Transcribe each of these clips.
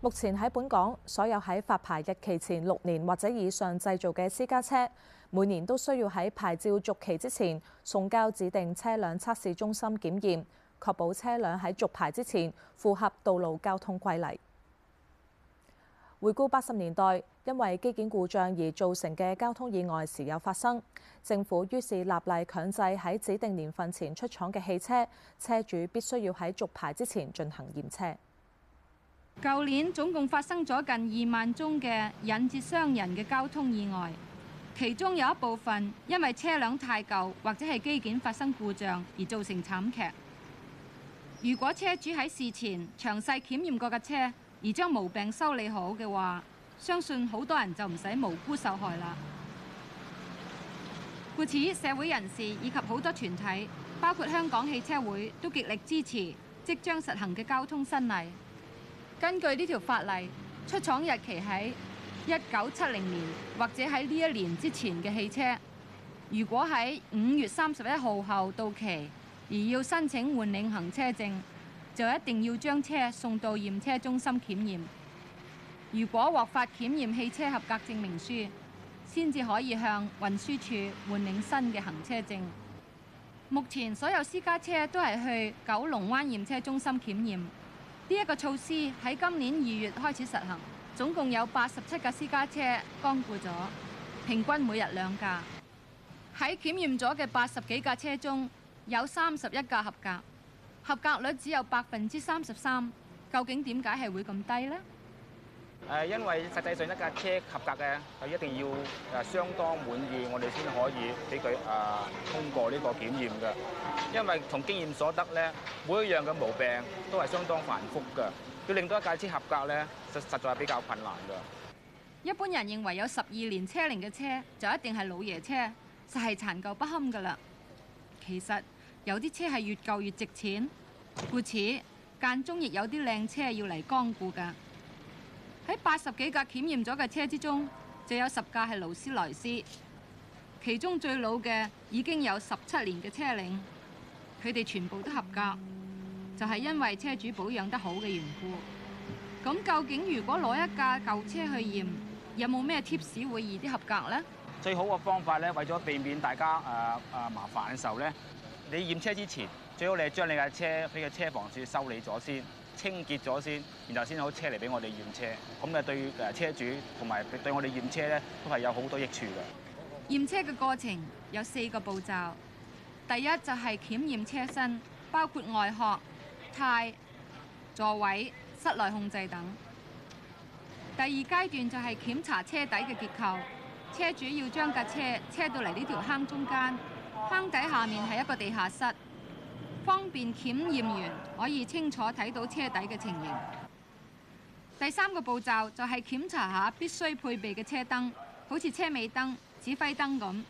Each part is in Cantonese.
目前喺本港，所有喺發牌日期前六年或者以上製造嘅私家車，每年都需要喺牌照續期之前送交指定車輛測試中心檢驗，確保車輛喺續牌之前符合道路交通規例。回顧八十年代，因為機件故障而造成嘅交通意外時有發生，政府於是立例強制喺指定年份前出廠嘅汽車，車主必須要喺續牌之前進行驗車。舊年總共發生咗近二萬宗嘅引致傷人嘅交通意外，其中有一部分因為車輛太舊或者係機件發生故障而造成慘劇。如果車主喺事前詳細檢驗過架車而將毛病修理好嘅話，相信好多人就唔使無辜受害啦。故此，社會人士以及好多團體，包括香港汽車會，都極力支持即將實行嘅交通新例。根據呢條法例，出廠日期喺一九七零年或者喺呢一年之前嘅汽車，如果喺五月三十一號後到期，而要申請換領行車證，就一定要將車送到驗車中心檢驗。如果獲發檢驗汽車合格證明書，先至可以向運輸處換領新嘅行車證。目前所有私家車都係去九龍灣驗車中心檢驗。呢一個措施喺今年二月開始實行，總共有八十七架私家車光顧咗，平均每日兩架。喺檢驗咗嘅八十幾架車中，有三十一架合格，合格率只有百分之三十三。究竟點解係會咁低呢？誒，因為實際上一架車合格嘅，就一定要誒相當滿意，我哋先可以俾佢誒通過呢個檢驗嘅。因為從經驗所得咧，每一樣嘅毛病都係相當繁複㗎，要令到一架車合格咧，實實在係比較困難㗎。一般人認為有十二年車齡嘅車就一定係老爺車，就係殘舊不堪㗎啦。其實有啲車係越舊越值錢，故此間中亦有啲靚車要嚟光顧㗎。喺八十幾架檢驗咗嘅車之中，就有十架係勞斯萊斯，其中最老嘅已經有十七年嘅車齡，佢哋全部都合格，就係因為車主保養得好嘅緣故。咁究竟如果攞一架舊車去驗，有冇咩貼士會易啲合格呢？最好嘅方法咧，為咗避免大家誒誒麻煩嘅時候咧，你驗車之前，最好你係將你架車佢嘅車房處修理咗先。清潔咗先，然後先好車嚟俾我哋驗車，咁啊對誒車主同埋對我哋驗車咧，都係有好多益處㗎。驗車嘅過程有四個步驟，第一就係檢驗車身，包括外殼、胎、座位、室內控制等。第二階段就係檢查車底嘅結構。車主要將架車車到嚟呢條坑中間，坑底下面係一個地下室。方便檢驗員可以清楚睇到車底嘅情形。第三個步驟就係檢查下必須配備嘅車燈，好似車尾燈、指揮燈咁。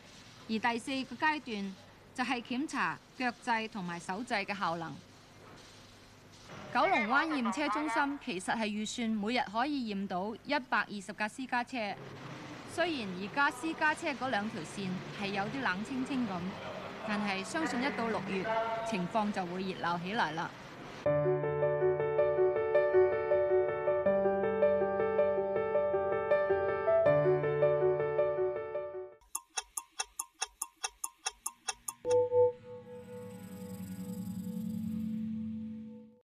而第四個階段就係檢查腳掣同埋手掣嘅效能。九龍灣驗車中心其實係預算每日可以驗到一百二十架私家車。雖然而家私家車嗰兩條線係有啲冷清清咁。但係相信一到六月，情況就會熱鬧起來啦。